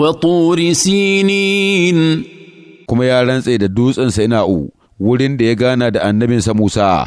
Wa turi sinin kuma ya rantse da dutsen u wurin da ya gana da annabinsa Musa.